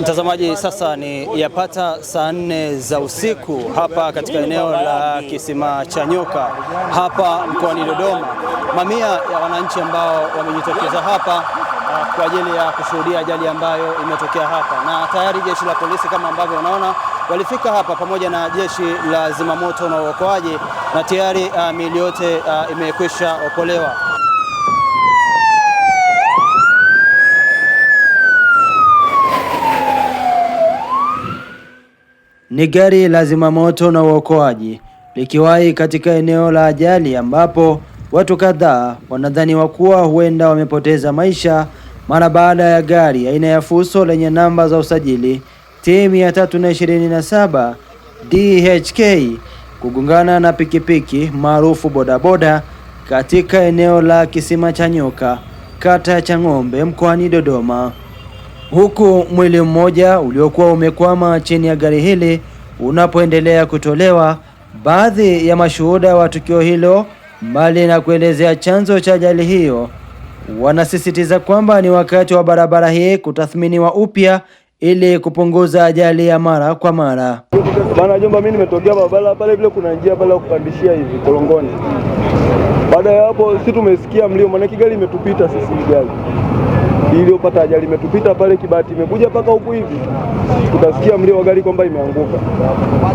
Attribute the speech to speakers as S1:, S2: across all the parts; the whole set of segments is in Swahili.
S1: Mtazamaji, sasa ni yapata saa nne za usiku hapa katika eneo la kisima cha nyoka hapa mkoani Dodoma. Mamia ya wananchi ambao wamejitokeza hapa ah, kwa ajili ya kushuhudia ajali ambayo imetokea hapa, na tayari jeshi la polisi kama ambavyo unaona walifika hapa pamoja na jeshi la zimamoto na uokoaji, na tayari uh, ah, miili yote uh, imekwisha okolewa.
S2: Ni gari la zimamoto na uokoaji likiwahi katika eneo la ajali ambapo watu kadhaa wanadhaniwa kuwa huenda wamepoteza maisha mara baada ya gari aina ya Fuso lenye namba za usajili T 327 DHK kugongana na pikipiki maarufu bodaboda katika eneo la Kisima cha Nyoka, kata ya Chang'ombe, mkoani Dodoma huku mwili mmoja uliokuwa umekwama chini ya gari hili unapoendelea kutolewa. Baadhi ya mashuhuda wa tukio hilo, mbali na kuelezea chanzo cha ajali hiyo, wanasisitiza kwamba ni wakati wa barabara hii kutathminiwa upya ili kupunguza ajali ya mara kwa mara.
S3: Maana jomba, mimi nimetokea barabara pale, vile kuna njia pale ya kupandishia hivi korongoni. Baada ya hapo, si tumesikia mlio, maana gari imetupita sisi gari iliyopata ajali imetupita pale, kibati imekuja mpaka huku hivi, tukasikia mlio wa gari kwamba imeanguka.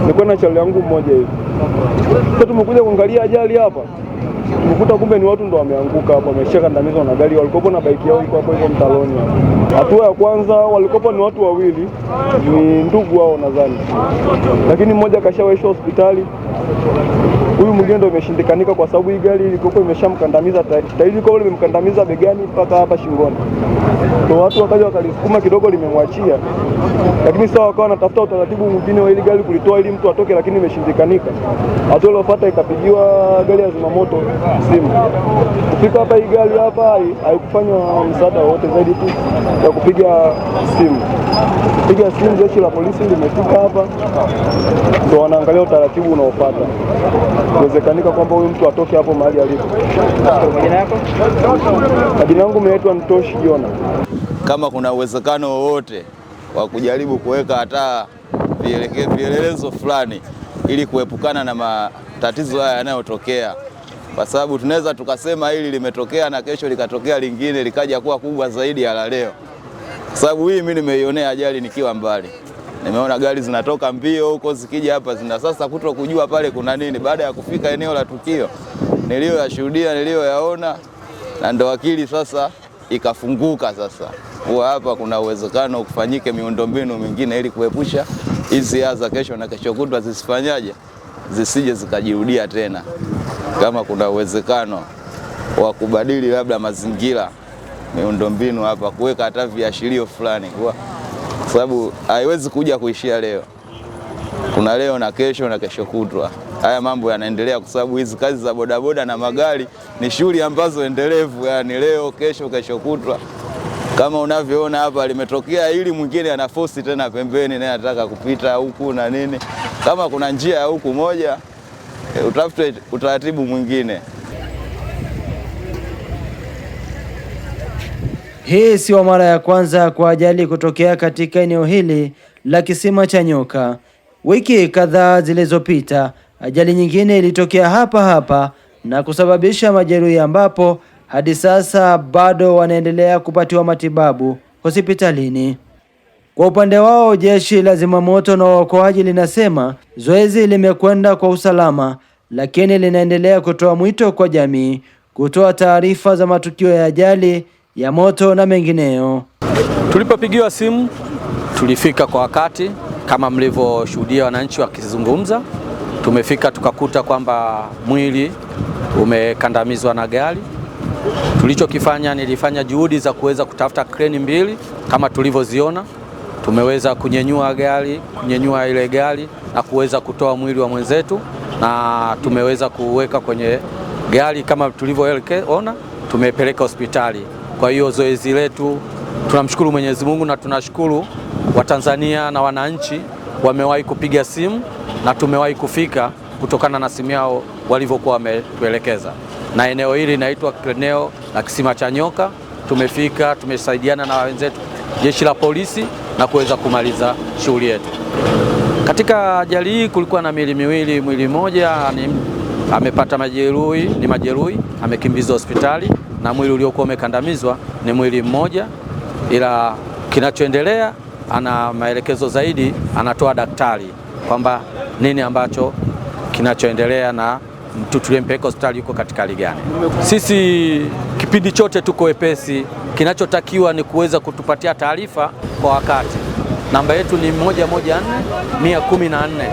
S3: Nilikuwa na chali yangu mmoja hivi, sasa tumekuja kuangalia ajali hapa, tumekuta kumbe ni watu ndo wameanguka hapa, wameshakandamizwa na gari, walikopo na baiki yao iko hapo hivyo mtaloni. Hatua ya kwanza walikopo ni watu wawili, ni ndugu wao nadhani, lakini mmoja kashawaishwa hospitali huyu mwingine ndio imeshindikanika kwa sababu hii gari ilikuwa imeshamkandamiza tairi ilikuwa limemkandamiza begani mpaka hapa shingoni. Ndio watu wakaja wakalisukuma kidogo, limemwachia, lakini sasa wakawa wanatafuta utaratibu mwingine wa ile gari kulitoa ili mtu atoke, lakini imeshindikanika. Hatua iliyofuata ikapigiwa gari ya zimamoto simu. Kufika hapa, hii gari hapa haikufanya msaada wowote zaidi tu ya kupiga simu, kupiga simu. Jeshi la polisi limefika hapa, ndio wanaangalia utaratibu unaofuata kuwezekanika kwamba huyu mtu atoke hapo mahali alipo. Majina yako? Majina yangu Mtoshi Jona.
S4: Kama kuna uwezekano wowote wa kujaribu kuweka hata vielelezo fulani ili kuepukana na matatizo haya yanayotokea, kwa sababu tunaweza tukasema hili limetokea na kesho likatokea lingine likaja kuwa kubwa zaidi ya la leo, kwa sababu hii mimi nimeionea ajali nikiwa mbali nimeona gari zinatoka mbio huko zikija hapa zina sasa kuto kujua pale kuna nini. Baada ya kufika eneo la tukio niliyoyashuhudia niliyoyaona, na ndo akili sasa ikafunguka sasa kuwa hapa kuna uwezekano kufanyike miundombinu mingine ili kuepusha hizi adha kesho na kesho kutwa zisifanyaje, zisije zikajirudia tena. Kama kuna uwezekano wa kubadili labda mazingira, miundombinu hapa, kuweka hata viashirio fulani kuwa kwa sababu haiwezi kuja kuishia leo. Kuna leo na kesho na kesho kutwa, haya mambo yanaendelea, kwa sababu hizi kazi za bodaboda na magari ni shughuli ambazo endelevu, yani leo, kesho, kesho kutwa. Kama unavyoona hapa, limetokea ili mwingine ana fosi tena pembeni, naye anataka kupita huku na nini. Kama kuna njia ya huku moja, utafute utaratibu mwingine.
S2: Hii siyo mara ya kwanza kwa ajali kutokea katika eneo hili la kisima cha Nyoka. Wiki kadhaa zilizopita, ajali nyingine ilitokea hapa hapa na kusababisha majeruhi ambapo hadi sasa bado wanaendelea kupatiwa matibabu hospitalini. Kwa upande wao, jeshi la zimamoto na uokoaji linasema zoezi limekwenda kwa usalama, lakini linaendelea kutoa mwito kwa jamii kutoa taarifa za matukio ya ajali ya moto na mengineyo.
S5: Tulipopigiwa simu tulifika kwa wakati kama mlivyoshuhudia wananchi wakizungumza. Tumefika tukakuta kwamba mwili umekandamizwa na gari. Tulichokifanya, nilifanya juhudi za kuweza kutafuta kreni mbili kama tulivyoziona, tumeweza kunyenyua gari, kunyenyua ile gari na kuweza kutoa mwili wa mwenzetu, na tumeweza kuweka kwenye gari kama tulivyoona, tumepeleka hospitali. Kwa hiyo zoezi letu, tunamshukuru Mwenyezi Mungu na tunashukuru Watanzania na wananchi wamewahi kupiga simu na tumewahi kufika kutokana na simu yao walivyokuwa wametuelekeza. Na eneo hili linaitwa eneo la kisima cha nyoka. Tumefika, tumesaidiana na wenzetu jeshi la polisi na kuweza kumaliza shughuli yetu. Katika ajali hii kulikuwa na miili miwili, mwili mmoja amepata majeruhi, ni majeruhi, amekimbizwa hospitali na mwili uliokuwa umekandamizwa ni mwili mmoja, ila kinachoendelea, ana maelekezo zaidi anatoa daktari kwamba nini ambacho kinachoendelea na mtu tuliyempeleka hospitali yuko katika hali gani. Sisi kipindi chote tuko wepesi, kinachotakiwa ni kuweza kutupatia taarifa kwa wakati. Namba yetu ni moja moja nne mia kumi na nne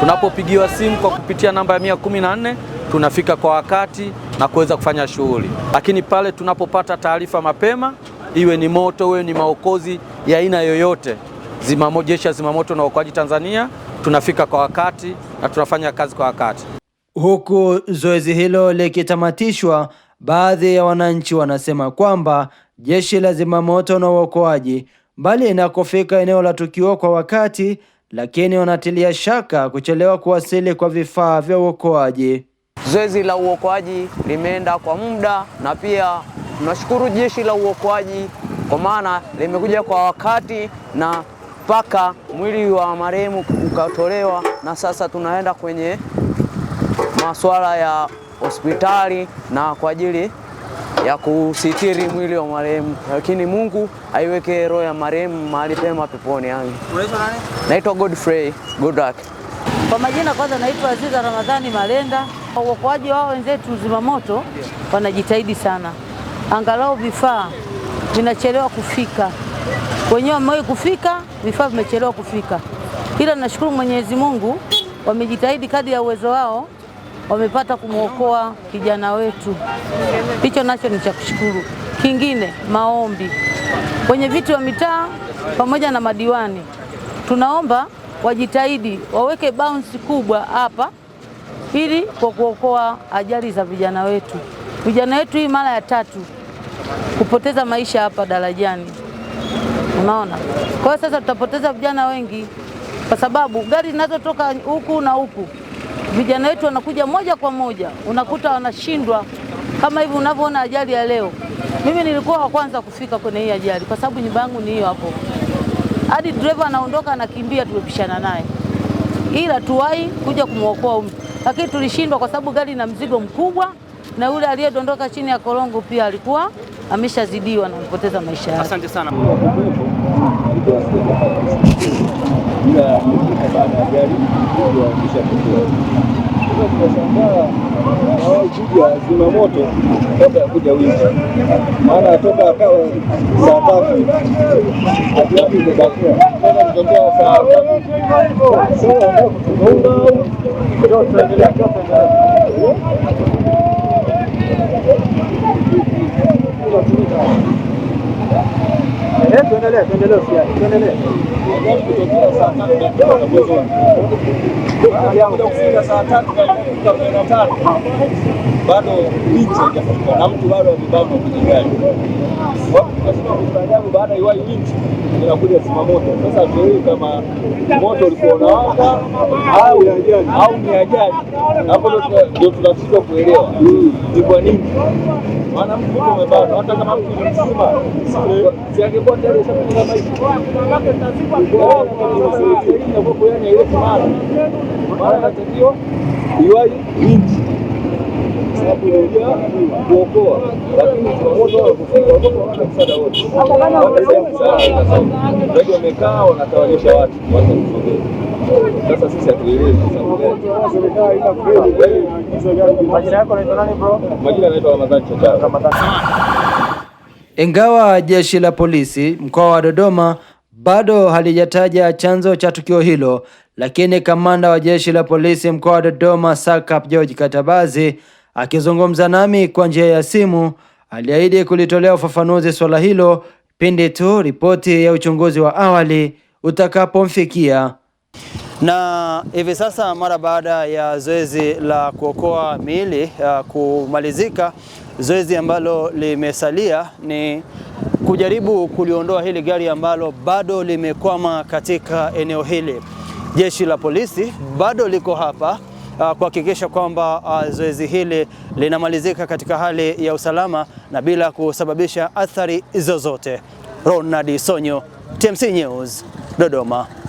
S5: tunapopigiwa simu kwa kupitia namba ya mia kumi na nne tunafika kwa wakati na kuweza kufanya shughuli. Lakini pale tunapopata taarifa mapema, iwe ni moto, iwe ni maokozi ya aina yoyote, jeshi la zimamoto na uokoaji Tanzania tunafika kwa wakati na tunafanya kazi kwa wakati.
S2: Huku zoezi hilo likitamatishwa, baadhi ya wananchi wanasema kwamba jeshi la zimamoto na uokoaji mbali inakofika eneo la tukio kwa wakati, lakini wanatilia shaka kuchelewa kuwasili kwa vifaa vya uokoaji.
S6: Zoezi la uokoaji limeenda kwa muda na pia tunashukuru jeshi la uokoaji kwa maana limekuja kwa wakati na mpaka mwili wa marehemu ukatolewa, na sasa tunaenda kwenye masuala ya hospitali na kwa ajili ya kusitiri mwili wa marehemu, lakini Mungu aiweke roho ya marehemu mahali pema peponi. Yangu unaitwa nani? Naitwa Godfrey Godak.
S7: Kwa majina, kwanza naitwa Aziza Ramadhani Malenda kwa uokoaji wao wenzetu zimamoto wanajitahidi sana, angalau vifaa vinachelewa kufika, wenyewe wamewahi kufika, vifaa vimechelewa kufika, ila nashukuru Mwenyezi Mungu, wamejitahidi kadri ya uwezo wao, wamepata kumwokoa kijana wetu. Hicho nacho ni cha kushukuru. Kingine maombi, wenye viti wa mitaa pamoja na madiwani, tunaomba wajitahidi waweke bounce kubwa hapa ili kwa kuokoa ajali za vijana wetu. Vijana wetu hii mara ya tatu kupoteza maisha hapa darajani, unaona. Kwa hiyo sasa tutapoteza vijana wengi, kwa sababu gari zinazotoka huku na huku, vijana wetu wanakuja moja kwa moja, unakuta wanashindwa kama hivi unavyoona ajali ya leo. Mimi nilikuwa wa kwanza kufika kwenye hii ajali kwa sababu nyumba yangu ni hiyo hapo, hadi dreva anaondoka anakimbia, tumepishana naye, ila tuwai kuja kumwokoa lakini tulishindwa kwa sababu gari na mzigo mkubwa, na yule aliyedondoka chini ya korongo pia alikuwa ameshazidiwa na kupoteza maisha yake. Asante sana. Sasa tunashangaa hawaikuja zimamoto kabla ya kuja wingi, maana atoka akawa saa tatu hatiati imebakia kutokea saa tatu Tuendelee, tuendelee, tuendelee. Saa tatu saa bado nchi haijafika na mtu bado amebanwa kwenye gari. Watu
S2: tunasema baada ya nchi inakuja moto. Sasa hatuelewi kama moto ulikuwa unawaka au ni ajali au ni ajali, hapo ndio tunashindwa kuelewa ni kwa nini, maana mtu yuko amebanwa. Hata kama mtu ni mzima, si angekuwa tayari ashapoteza maisha, mara natakiwa iwai nchi sababu kuokoa, lakini watoto msaada wote, zaidi, wamekaa watu watu Sasa sisi hatuelewi majina yako. Naitwa nani bro? Majina naitwa Ramadhani Ramadhani. Ingawa jeshi la polisi mkoa wa Dodoma bado halijataja chanzo cha tukio hilo, lakini kamanda wa jeshi la polisi mkoa wa Dodoma SACP George Katabazi Akizungumza nami kwa njia ya simu, aliahidi kulitolea ufafanuzi swala hilo pindi tu ripoti ya uchunguzi wa awali utakapomfikia.
S5: Na hivi sasa mara baada ya zoezi la kuokoa miili uh, kumalizika, zoezi ambalo limesalia ni kujaribu kuliondoa hili gari ambalo bado limekwama katika eneo hili. Jeshi la polisi bado liko hapa uh, kuhakikisha kwamba uh, zoezi hili linamalizika katika hali ya usalama na bila kusababisha athari zozote. Ronald Sonyo, TMC News, Dodoma.